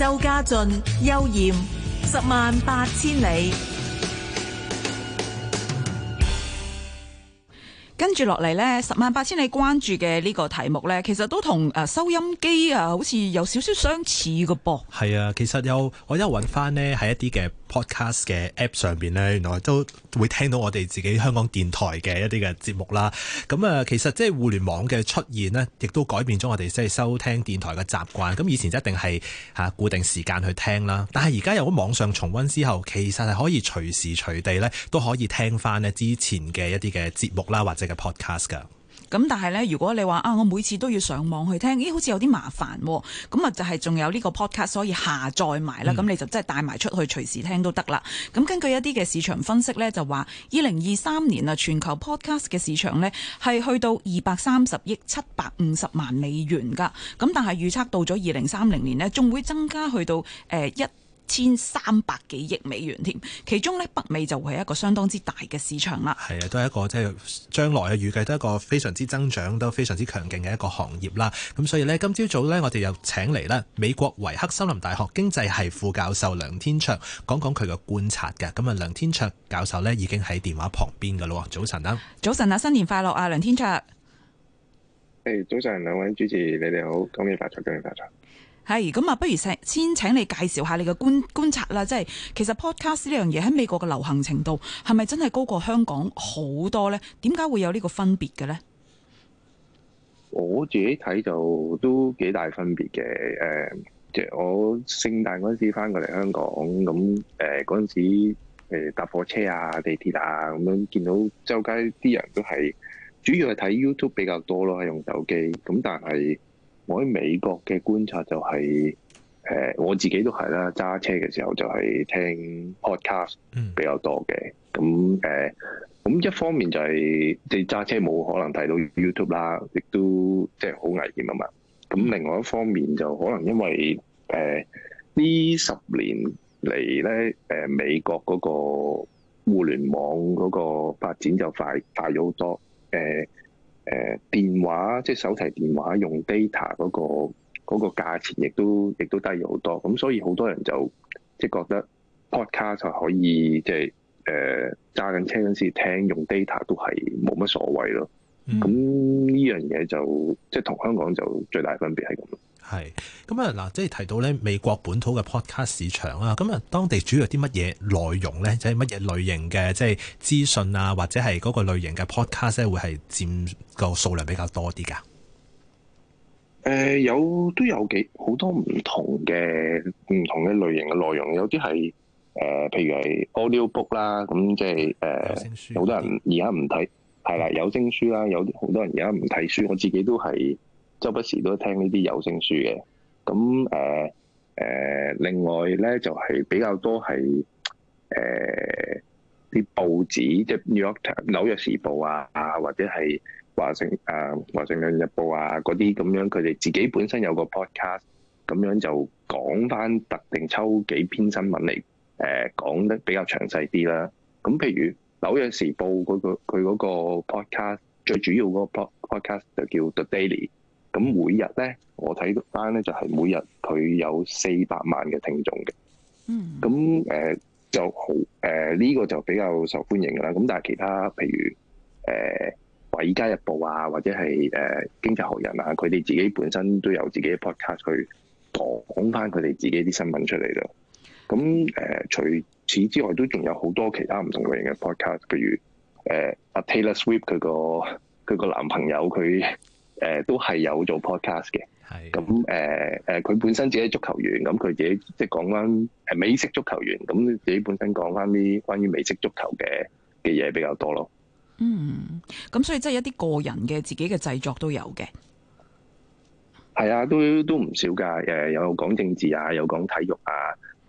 周家俊、悠艷，十萬八千里。跟住落嚟咧，十萬八千里關注嘅呢個題目咧，其實都同誒收音機啊，好似有少少相似嘅噃。係啊，其實有我而家揾翻咧，喺一啲嘅 podcast 嘅 app 上面咧，原來都會聽到我哋自己香港電台嘅一啲嘅節目啦。咁、嗯、啊，其實即係互聯網嘅出現咧，亦都改變咗我哋即係收聽電台嘅習慣，咁以前一定係吓固定時間去聽啦，但係而家有咗網上重溫之後其實係可以隨時隨地咧都可以聽翻咧之前嘅一啲嘅節目啦，或者。嘅 podcast 噶，咁，但係咧，如果你話啊，我每次都要上網去聽，咦，好似有啲麻煩咁啊，就係仲有呢個 podcast 可以下載埋啦。咁、嗯、你就真係帶埋出去隨時聽都得啦。咁根據一啲嘅市場分析咧，就話二零二三年啊，全球 podcast 嘅市場咧係去到二百三十億七百五十萬美元噶。咁但係預測到咗二零三零年呢，仲會增加去到誒一。呃千三百幾億美元添，其中咧北美就會係一個相當之大嘅市場啦。係啊，都係一個即係將來嘅預計，都係一個非常之增長，都非常之強勁嘅一個行業啦。咁所以呢，今朝早呢，我哋又請嚟咧美國維克森林大學經濟系副教授梁天卓講講佢嘅觀察嘅。咁啊，梁天卓教授呢已經喺電話旁邊噶啦。早晨啊，早晨啊，新年快樂啊，梁天卓。係、hey，早晨，兩位主持，你哋好，今年發財，今年發財。係咁啊，不如先請你介紹下你嘅觀觀察啦。即係其實 podcast 呢樣嘢喺美國嘅流行程度係咪真係高過香港好多咧？點解會有呢個分別嘅咧？我自己睇就都幾大分別嘅。誒、呃，即係我聖誕嗰陣時返過嚟香港咁，誒嗰陣時，呃、搭火車啊、地鐵啊咁樣見到周街啲人都係主要係睇 YouTube 比較多咯，係用手機咁，但係。我喺美國嘅觀察就係、是，誒、呃、我自己都係啦，揸車嘅時候就係聽 podcast 比較多嘅。咁、嗯、誒，咁、呃、一方面就係即係揸車冇可能睇到 YouTube 啦，亦都即係好危險啊嘛。咁另外一方面就可能因為誒呢、呃、十年嚟咧，誒、呃、美國嗰個互聯網嗰個發展就快大咗好多，誒、呃。誒、呃、電話即係手提電話用 data，嗰個、嗰個價錢亦都亦都低咗好多，咁所以好多人就即係覺得 podcast 就可以即係誒揸緊車嗰陣時聽聽用 data 都係冇乜所謂咯。咁、嗯、呢樣嘢就即係同香港就最大分別係咁。係咁啊！嗱，即係提到咧，美國本土嘅 podcast 市場啦，咁啊，當地主要有啲乜嘢內容咧，即係乜嘢類型嘅即係資訊啊，或者係嗰個類型嘅 podcast 咧，會係佔個數量比較多啲㗎？誒、呃，有都有幾好多唔同嘅唔同嘅類型嘅內容，有啲係誒，譬如係 audio book 啦、就是，咁即係誒，好多人而家唔睇，係啦，有聲書啦，有好多人而家唔睇書，我自己都係。周不時都聽呢啲有聲書嘅，咁誒誒，另外咧就係、是、比較多係誒啲報紙，即係紐約紐約時報啊，或者係華盛誒、啊、華盛頓日報啊嗰啲咁樣，佢哋自己本身有個 podcast，咁樣就講翻特定抽幾篇新聞嚟誒、啊、講得比較詳細啲啦。咁譬如紐約時報嗰個佢嗰個 podcast 最主要嗰個 podpodcast 就叫 The Daily。咁每日咧，我睇到單咧就係每日佢有四百萬嘅聽眾嘅。嗯。咁誒就好誒呢個就比較受歡迎㗎啦。咁但係其他譬如誒《維、呃、嘉日報》啊，或者係誒、呃《經濟學人》啊，佢哋自己本身都有自己嘅 podcast 去講翻佢哋自己啲新聞出嚟咯。咁誒、呃、除此之外，都仲有好多其他唔同類型嘅 podcast，譬如誒阿、呃、Taylor Swift 佢、嗰個佢個男朋友佢。誒，都係有做 podcast 嘅，係咁誒，誒，佢本身自己係足球員，咁佢自己即係講翻誒美式足球員，咁自己本身講翻啲關於美式足球嘅嘅嘢比較多咯。嗯，咁、嗯嗯嗯嗯嗯、所以即係一啲個人嘅自己嘅製作都有嘅。係、嗯、啊，都都唔、嗯嗯嗯、少噶。誒，有講政治啊，有講體育啊，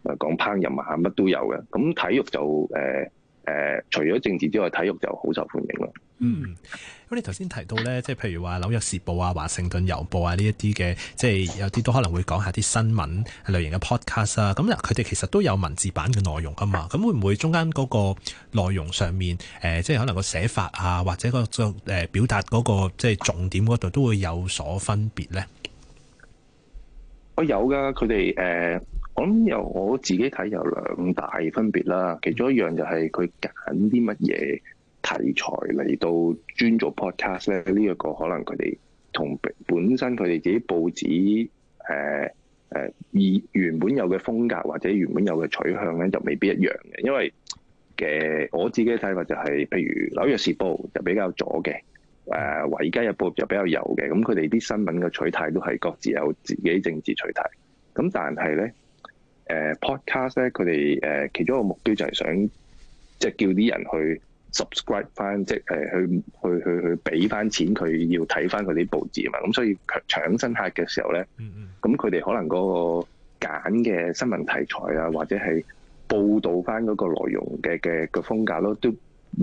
誒，講烹飪啊，乜都有嘅。咁體育就誒誒、嗯，除咗政治之外，體育就好受歡迎咯。嗯，咁你頭先提到咧，即係譬如話紐約時報啊、華盛頓郵報啊呢一啲嘅，即係有啲都可能會講下啲新聞類型嘅 podcast 啊，咁咧佢哋其實都有文字版嘅內容噶嘛，咁會唔會中間嗰個內容上面，誒、呃、即係可能個寫法啊，或者個誒表達嗰個即係重點嗰度都會有所分別咧、呃？我有噶，佢哋誒，我諗由我自己睇有兩大分別啦，其中一樣就係佢揀啲乜嘢。題材嚟到專做 podcast 咧，呢、這、一個可能佢哋同本身佢哋自己報紙、呃、以原本有嘅風格或者原本有嘅取向咧，就未必一樣嘅。因為嘅、呃、我自己嘅睇法就係、是，譬如紐約時報就比較左嘅，誒華爾街日報就比較右嘅。咁佢哋啲新聞嘅取態都係各自有自己政治取態。咁但係咧、呃、podcast 咧，佢哋、呃、其中一個目標就係想，即係叫啲人去。subscribe 翻即係去去去給去俾翻錢佢，要睇翻佢啲報紙啊，咁所以搶新客嘅時候咧，咁佢哋可能嗰個揀嘅新聞題材啊，或者係報導翻嗰個內容嘅嘅個風格咯，都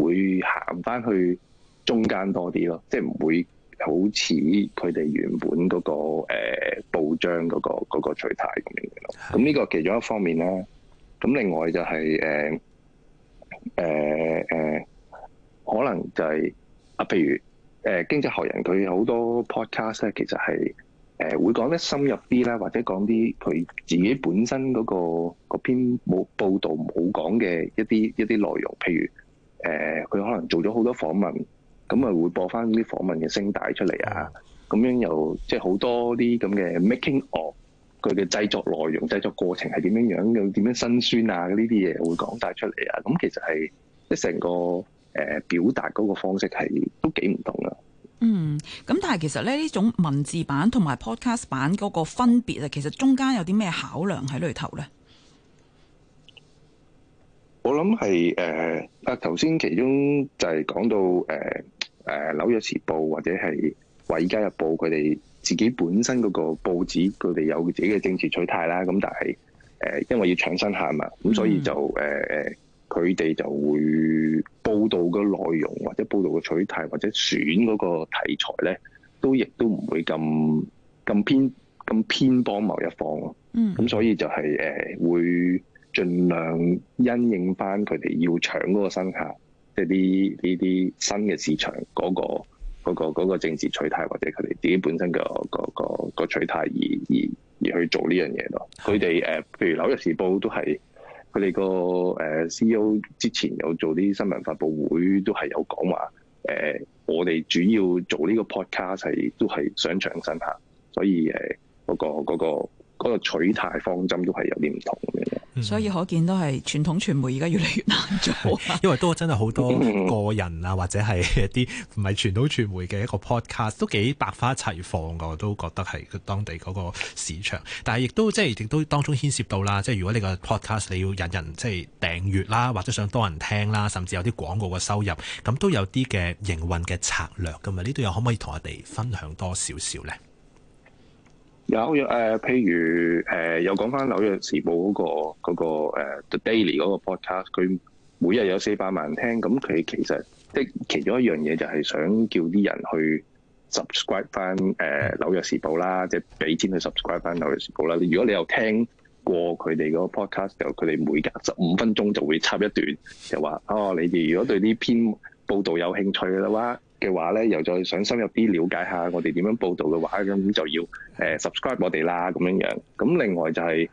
會行翻去中間多啲咯，即係唔會好似佢哋原本嗰、嗰個誒、呃、報章嗰、嗰個嗰個取態咁樣嘅。咁呢個其中一方面咧，咁另外就係誒誒誒。呃呃呃可能就係、是、啊，譬如誒經濟學人佢好多 podcast 咧，其實係誒、呃、會講得深入啲啦，或者講啲佢自己本身嗰、那個嗰篇冇報道冇講嘅一啲一啲內容，譬如誒佢、呃、可能做咗好多訪問，咁啊會播翻啲訪問嘅聲帶出嚟啊，咁樣又即係好多啲咁嘅 making of 佢嘅製作內容、製作過程係點樣樣又點樣辛酸啊，呢啲嘢會講帶出嚟啊。咁其實係即係成個。誒、呃，表達嗰個方式係都幾唔同啦。嗯，咁但係其實咧，呢種文字版同埋 podcast 版嗰個分別啊，其實中間有啲咩考量喺裏頭咧？我諗係誒，啊頭先其中就係講到誒誒紐約時報或者係華爾街日報，佢哋自己本身嗰個報紙，佢哋有自己嘅政治取態啦。咁但係誒、呃，因為要搶新限嘛，咁所以就誒誒，佢、嗯、哋、呃、就會。報導嘅內容，或者報導嘅取態，或者選嗰個題材咧，都亦都唔會咁咁偏咁偏幫某一方咯。嗯，咁所以就係誒會盡量因應返佢哋要搶嗰個新客，即係啲呢啲新嘅市場嗰個嗰個嗰個政治取態或者佢哋自己本身嘅嗰個嗰個嗰個取態而而而去做呢樣嘢咯。佢哋誒，譬如《紐約時報》都係。佢哋個 CEO 之前有做啲新聞發佈會，都係有講話誒，我哋主要做呢個 podcast 係都係想長身下，所以誒嗰個嗰個。嗰、那個取態方針都係有啲唔同嘅、嗯，所以可見都係傳統傳媒而家越嚟越難做。 因為都真係好多個人啊，或者係一啲唔係傳統傳媒嘅一個 podcast 都幾百花齊放嘅，我都覺得係當地嗰個市場。但係亦都即係亦都當中牽涉到啦，即係如果你個 podcast 你要引人即係訂閱啦，或者想多人聽啦，甚至有啲廣告嘅收入，咁都有啲嘅營運嘅策略㗎嘛。呢度又可唔可以同我哋分享多少少咧？有嘅誒、呃，譬如誒、呃，又講翻、嗰個嗰個呃呃《紐約時報》嗰個嗰 The Daily 嗰個 podcast，佢每日有四百萬聽，咁佢其實即其中一樣嘢就係想叫啲人去 subscribe 翻《紐約時報》啦，即係俾錢去 subscribe 翻《紐約時報》啦。如果你有聽過佢哋嗰個 podcast，就佢哋每隔十五分鐘就會插一段，就話哦，你哋如果對呢篇報道有興趣嘅話嘅話咧，又再想深入啲了解下我哋點樣報道嘅話，咁就要誒 subscribe 我哋啦，咁樣樣。咁另外就係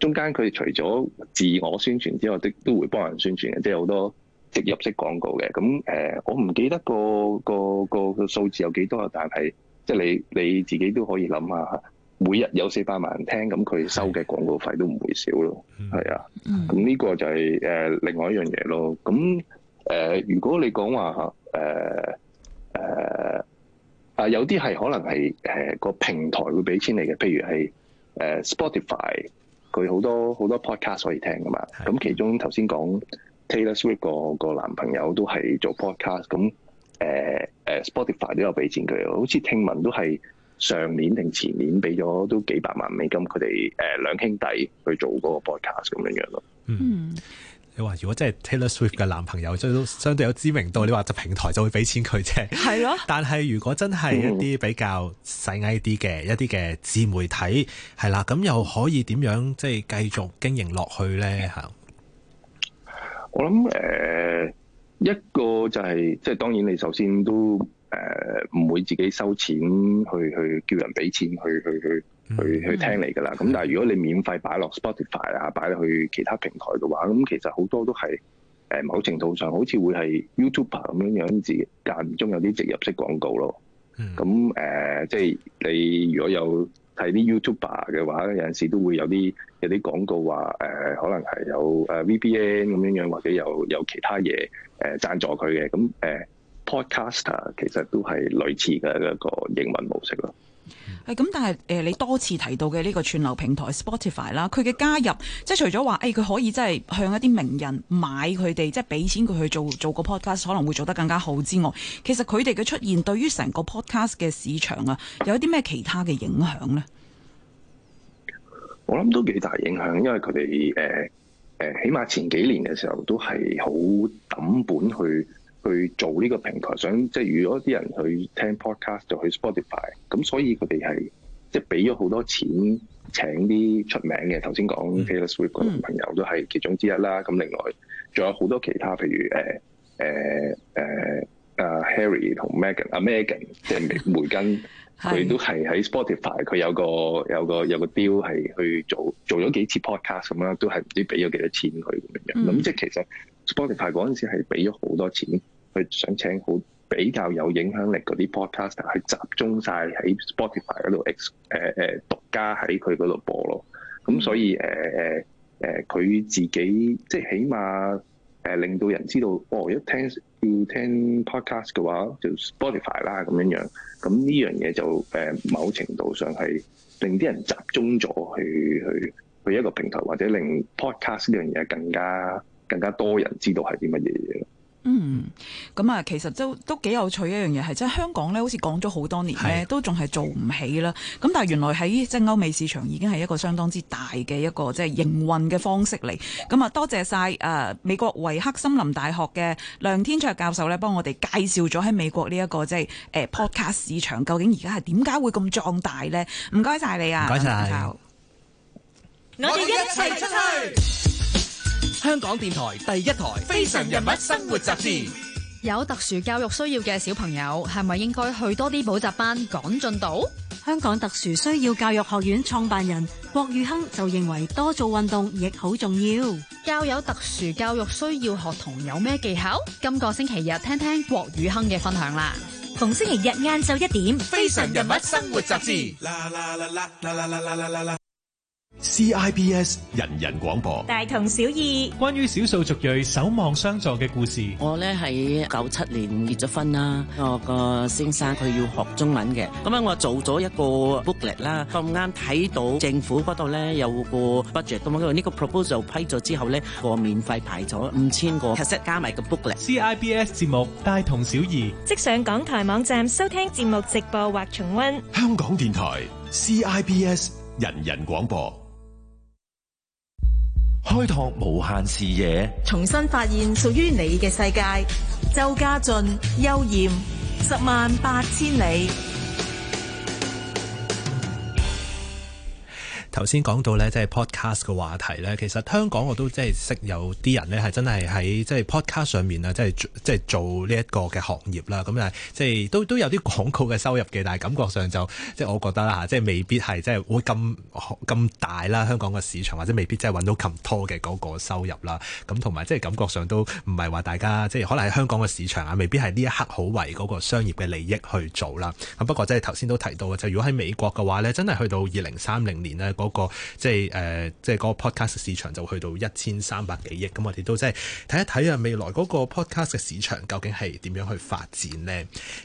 中間佢除咗自我宣傳之外，都都，都會幫人宣傳嘅，即係好多植入式廣告嘅。咁誒，我唔記得個個個個數字有幾多，但係即係你你自己都可以諗下，每日有四百萬人聽，咁佢收嘅廣告費都唔會少咯。係啊，咁呢、嗯、個就係誒另外一樣嘢咯。咁呃、如果你講話誒啊有啲係可能係個、呃、平台會俾錢你嘅，譬如係、呃、Spotify，佢好多好多 podcast 可以聽噶嘛。咁其中頭先講 Taylor Swift 個個男朋友都係做 podcast，咁、呃啊、Spotify 都有俾錢佢，好似聽聞都係上年定前年俾咗都幾百萬美金，佢哋誒兩兄弟去做嗰個 podcast 咁樣樣咯。嗯。你話如果真係 Taylor Swift 嘅男朋友，相都相對有知名度，你話就平台就會俾錢佢啫。係咯。但係如果真係一啲比較細矮啲嘅一啲嘅自媒體，係、嗯、啦，咁又可以點樣即係繼續經營落去咧？嚇。我諗誒、呃，一個就係、是、即係當然，你首先都誒唔、呃、會自己收錢去去叫人俾錢去去去。去去聽嚟噶啦，咁但係如果你免費擺落 Spotify 啊，擺去其他平台嘅話，咁其實好多都係某程度上好似會係 YouTuber 咁樣樣字間中有啲植入式廣告咯。咁、嗯呃、即係你如果有睇啲 YouTuber 嘅話，有陣時候都會有啲有啲廣告話、呃、可能係有 VPN 咁樣樣，或者有有其他嘢誒、呃、贊助佢嘅。咁、呃、Podcaster 其實都係類似嘅一個營運模式咯。係、嗯、咁、嗯，但係誒、呃，你多次提到嘅呢個串流平台 Spotify 啦，佢嘅加入，即係除咗話誒，佢、欸、可以即係向一啲名人買佢哋，即係俾錢佢去做做個 podcast，可能會做得更加好之外，其實佢哋嘅出現對於成個 podcast 嘅市場啊，有一啲咩其他嘅影響呢？我諗都幾大影響，因為佢哋誒誒，起碼前幾年嘅時候都係好抌本去去做呢個平台，想即係如果啲人去聽 podcast 就去 Spotify，咁所以佢哋係即係俾咗好多錢請啲出名嘅，頭先講 Taylor Swift 個男朋友都係其中之一啦。咁另外仲有好多其他，譬如誒誒誒阿 Harry 同 Megan 阿、啊、Megan 即係梅根，佢 都係喺 Spotify，佢有個有個有個 deal 係去做做咗幾次 podcast 咁啦，都係唔知俾咗幾多錢佢咁樣。咁即係其實 Spotify 嗰陣時係俾咗好多錢。佢想請好比較有影響力嗰啲 podcaster，去集中晒喺 Spotify 嗰度 x 獨家喺佢嗰度播咯。咁所以誒佢自己即係起碼令到人知道，哦，一聽要聽 podcast 嘅話就 Spotify 啦咁樣樣。咁呢樣嘢就某程度上係令啲人集中咗去去去一個平台，或者令 podcast 呢樣嘢更加更加多人知道係啲乜嘢嘢。嗯，咁啊，其實都都幾有趣一樣嘢係，即係香港呢，好似講咗好多年呢，都仲係做唔起啦。咁但係原來喺即係歐美市場已經係一個相當之大嘅一個即係營運嘅方式嚟。咁啊，多謝晒誒美國維克森林大學嘅梁天卓教授呢，幫我哋介紹咗喺美國呢一個即係誒 podcast 市場究竟而家係點解會咁壯大呢？唔該晒你啊！唔該曬。我哋一齊出去。香港電台第一台《非常人物生活雜誌》，有特殊教育需要嘅小朋友係咪應該去多啲補習班趕進度？香港特殊需要教育學院創辦人郭宇亨就認為，多做運動亦好重要。教有特殊教育需要學童有咩技巧？今個星期日聽聽郭宇亨嘅分享啦。逢星期日晏晝一點，《非常人物生活雜誌》。CIBS 人人廣播，大同小異。關於少數族裔守望相助嘅故事，我咧喺九七年結咗婚啦。我個先生佢要學中文嘅，咁樣我做咗一個 booklet 啦。咁啱睇到政府嗰度咧有個 budget，咁樣呢個 proposal 批咗之後咧，我免費排咗五千個 cassette 加埋個 booklet。CIBS 節目大同小異，即上港台網站收聽節目直播或重溫。香港電台 CIBS 人人廣播。開拓無限視野，重新發現屬於你嘅世界。周家俊、優豔，十萬八千里。頭先講到咧，即係 podcast 嘅話題咧，其實香港我都即係識有啲人咧，係真係喺即係 podcast 上面啊，即係即係做呢一個嘅行業啦。咁啊，即係都都有啲廣告嘅收入嘅，但係感覺上就即係我覺得啦嚇，即係未必係即係會咁咁大啦，香港嘅市場或者未必即係揾到咁多嘅嗰個收入啦。咁同埋即係感覺上都唔係話大家即係可能喺香港嘅市場啊，未必係呢一刻好為嗰個商業嘅利益去做啦。咁不過即係頭先都提到，就如果喺美國嘅話咧，真係去到二零三零年咧，嗰個即係誒，即係嗰、呃、個 podcast 嘅市場就去到 1, 就看一千三百幾億咁，我哋都即係睇一睇啊，未來嗰個 podcast 嘅市場究竟係點樣去發展呢？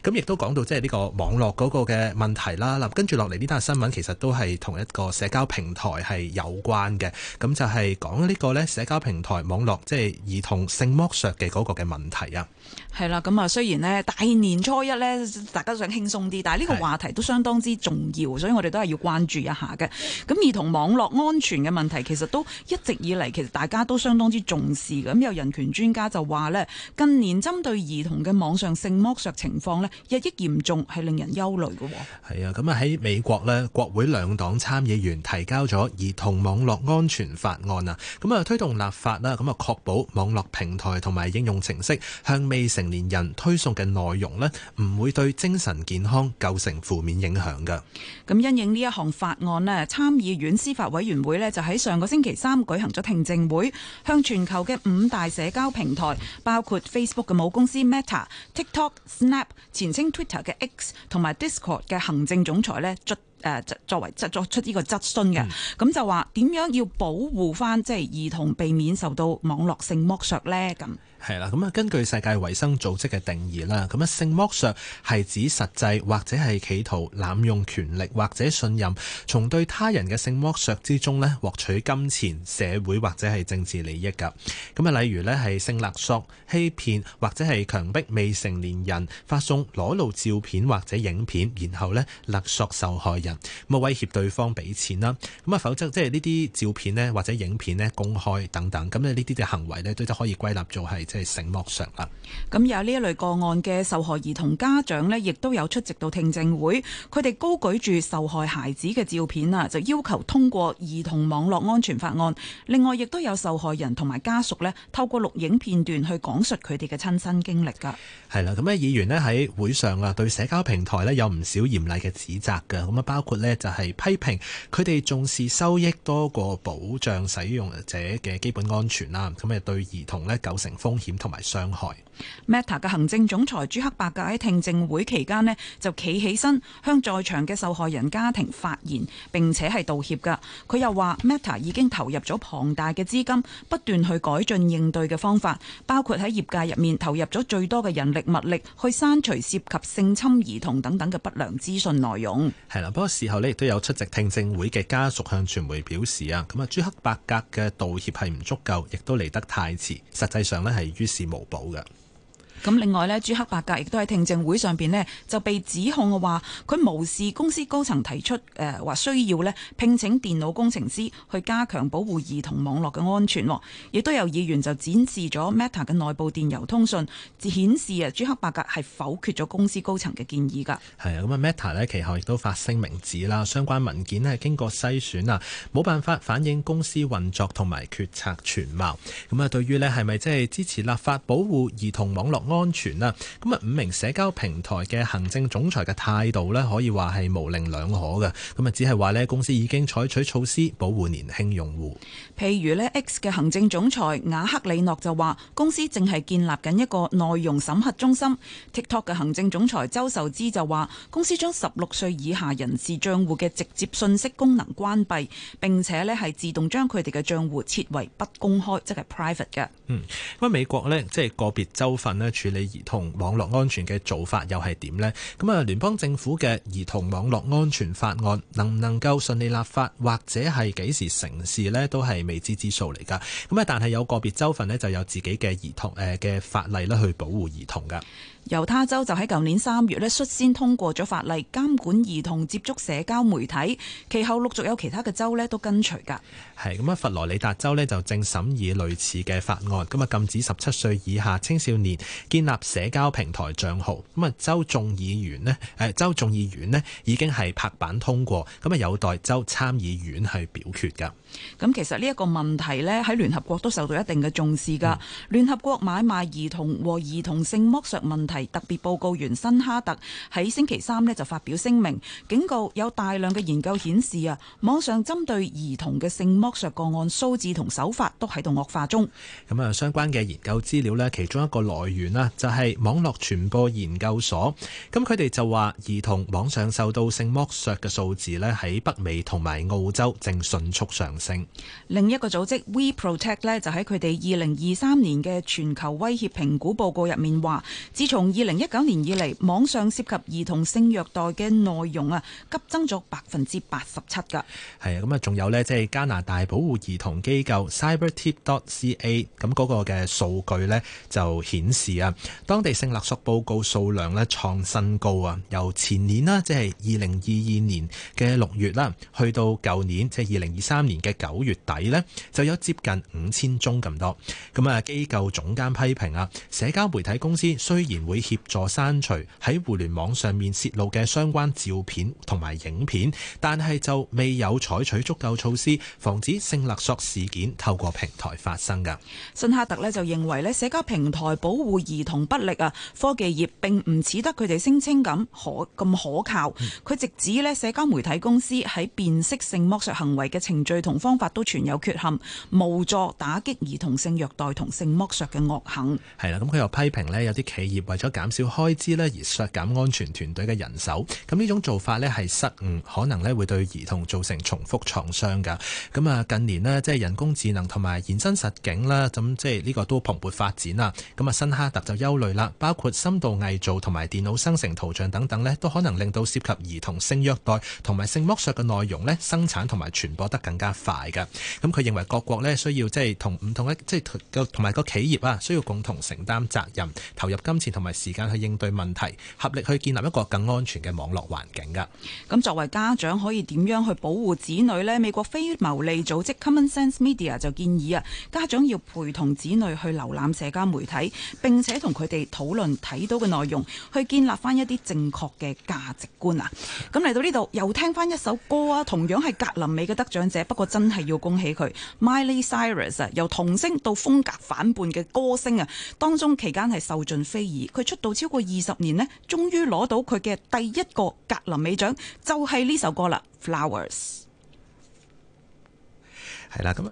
咁亦都講到即係呢個網絡嗰個嘅問題啦。嗱，跟住落嚟呢單新聞其實都係同一個社交平台係有關嘅，咁就係講呢個咧社交平台網絡即係兒童性剝削嘅嗰個嘅問題啊。係啦，咁啊雖然呢，大年初一呢，大家都想輕鬆啲，但係呢個話題都相當之重要，所以我哋都係要關注一下嘅。咁同網絡安全嘅問題，其實都一直以嚟，其實大家都相當之重視，咁有人權專家就話咧，近年針對兒童嘅網上性剝削情況咧，日益嚴重，係令人憂慮嘅。係啊，咁啊喺美國咧，國會兩黨參議員提交咗兒童網絡安全法案啊，咁啊推動立法啦，咁啊確保網絡平台同埋應用程式向未成年人推送嘅內容咧，唔會對精神健康構成負面影響嘅。咁因應呢一項法案咧，參議院司法委員會咧就喺上個星期三舉行咗聽證會，向全球嘅五大社交平台，包括 Facebook 嘅母公司 Meta、TikTok、Snap、前稱 Twitter 嘅 X 同埋 Discord 嘅行政總裁咧誒作作為作出呢個質詢嘅，咁、嗯、就話點樣要保護翻即係兒童避免受到網絡性剝削呢？咁係啦，咁啊根據世界衞生組織嘅定義啦，咁啊性剝削係指實際或者係企圖濫用權力或者信任，從對他人嘅性剝削之中呢獲取金錢、社會或者係政治利益㗎。咁啊，例如呢，係性勒索、欺騙或者係強迫未成年人發送裸露照片或者影片，然後呢勒索受害人。咁啊，威脅對方俾錢啦，咁啊，否則即係呢啲照片呢，或者影片呢，公開等等，咁呢啲嘅行為呢，都都可以歸納做係即係性剝削啦。咁有呢一類個案嘅受害兒童家長呢，亦都有出席到聽證會，佢哋高舉住受害孩子嘅照片啊，就要求通過兒童網絡安全法案。另外，亦都有受害人同埋家屬呢，透過錄影片段去講述佢哋嘅親身經歷噶。係啦，咁呢議員呢，喺會上啊，對社交平台呢，有唔少嚴厲嘅指責噶，咁啊包。包括咧，就係批評佢哋重視收益多過保障使用者嘅基本安全啦，咁啊對兒童咧構成風險同埋傷害。Meta 嘅行政總裁朱克伯格喺聽證會期間呢，就企起身向在場嘅受害人家庭發言，並且係道歉噶。佢又話 Meta 已經投入咗龐大嘅資金，不斷去改進應對嘅方法，包括喺業界入面投入咗最多嘅人力物力去刪除涉及性侵兒童等等嘅不良資訊內容。係啦，不過。事後咧亦都有出席聽證會嘅家屬向傳媒表示啊，咁啊朱克伯格嘅道歉係唔足夠，亦都嚟得太遲，實際上咧係於事無補嘅。咁另外咧，朱克伯格亦都喺聽證會上邊咧就被指控嘅話佢無視公司高層提出誒話、呃、需要咧聘請電腦工程師去加強保護兒童網絡嘅安全。亦都有議員就展示咗 Meta 嘅內部電郵通訊顯示啊朱克伯格係否決咗公司高層嘅建議㗎。係啊，咁啊 Meta 咧其後亦都發聲明指啦，相關文件咧經過篩選啊，冇辦法反映公司運作同埋決策全貌。咁啊，對於咧係咪即係支持立法保護兒童網絡？安全啦、啊，咁啊五名社交平台嘅行政總裁嘅態度咧，可以話係模棱兩可嘅，咁啊只係話咧公司已經採取措施保護年輕用戶。譬如咧 X 嘅行政總裁雅克里諾就話，公司淨係建立緊一個內容審核中心。TikTok 嘅行政總裁周壽芝就話，公司將十六歲以下人士賬戶嘅直接信息功能關閉，並且咧係自動將佢哋嘅賬戶設為不公開，即係 private 嘅。嗯，咁美國咧即係個別州份咧。處理兒童網絡安全嘅做法又係點呢？咁啊，聯邦政府嘅兒童網絡安全法案能唔能夠順利立法，或者係幾時成事呢？都係未知之數嚟㗎。咁啊，但係有個別州份呢，就有自己嘅兒童誒嘅、呃、法例咧去保護兒童㗎。猶他州就喺舊年三月咧率先通過咗法例監管兒童接觸社交媒體，其後陸續有其他嘅州咧都跟隨㗎。係咁啊，佛羅里達州呢，就正審議類似嘅法案，咁啊禁止十七歲以下青少年。建立社交平台賬號，咁啊，州眾議員咧，誒州眾議員咧已經係拍板通過，咁啊，有待州參議院去表決噶。咁其實呢一個問題咧，喺聯合國都受到一定嘅重視噶。嗯、聯合國買賣兒童和兒童性剝削問題特別報告員辛哈特喺星期三咧就發表聲明，警告有大量嘅研究顯示啊，網上針對兒童嘅性剝削個案數字同手法都喺度惡化中。咁啊，相關嘅研究資料咧，其中一個來源啦。就係、是、網絡傳播研究所，咁佢哋就話兒童網上受到性剝削嘅數字咧，喺北美同埋澳洲正迅速上升。另一個組織 WeProtect 咧，就喺佢哋二零二三年嘅全球威脅評估報告入面話，自從二零一九年以嚟，網上涉及兒童性虐待嘅內容啊，急增咗百分之八十七㗎。係啊，咁啊，仲有咧，即係加拿大保護兒童機構 CyberTip.CA，dot 咁個嘅數據咧就顯示啊。當地性勒索報告數量咧創新高啊！由前年啦，即係二零二二年嘅六月啦，去到舊年，即係二零二三年嘅九月底咧，就有接近五千宗咁多。咁啊，機構總監批評啊，社交媒體公司雖然會協助刪除喺互聯網上面洩露嘅相關照片同埋影片，但係就未有採取足夠措施防止性勒索事件透過平台發生噶。辛哈特咧就認為咧，社交平台保護兒童不利啊！科技業並唔似得佢哋聲稱咁可咁可靠。佢直指咧，社交媒體公司喺辨識性剝削行為嘅程序同方法都存有缺陷，無助打擊兒童性虐待同性剝削嘅惡行。係啦，咁佢又批評咧，有啲企業為咗減少開支咧而削減安全團隊嘅人手，咁呢種做法咧係失誤，可能咧會對兒童造成重複創傷噶。咁啊，近年咧即係人工智能同埋延伸實景啦，咁即係呢個都蓬勃發展啦。咁啊，新哈特。就憂慮啦，包括深度偽造同埋電腦生成圖像等等呢都可能令到涉及兒童性虐待同埋性剝削嘅內容呢生產同埋傳播得更加快噶咁佢認為各國呢需要即係同唔同嘅即係同埋個企業啊，需要共同承擔責任，投入金錢同埋時間去應對問題，合力去建立一個更安全嘅網絡環境噶咁作為家長可以點樣去保護子女呢？美國非牟利組織 Common Sense Media 就建議啊，家長要陪同子女去瀏覽社交媒體，並且。且同佢哋討論睇到嘅內容，去建立翻一啲正確嘅價值觀啊！咁嚟到呢度又聽翻一首歌啊，同樣係格林美嘅得獎者，不過真係要恭喜佢 Miley Cyrus 由童星到風格反叛嘅歌星啊，當中期間係受盡非議，佢出道超過二十年呢，終於攞到佢嘅第一個格林美獎，就係呢首歌啦，《Flowers》。係啦，咁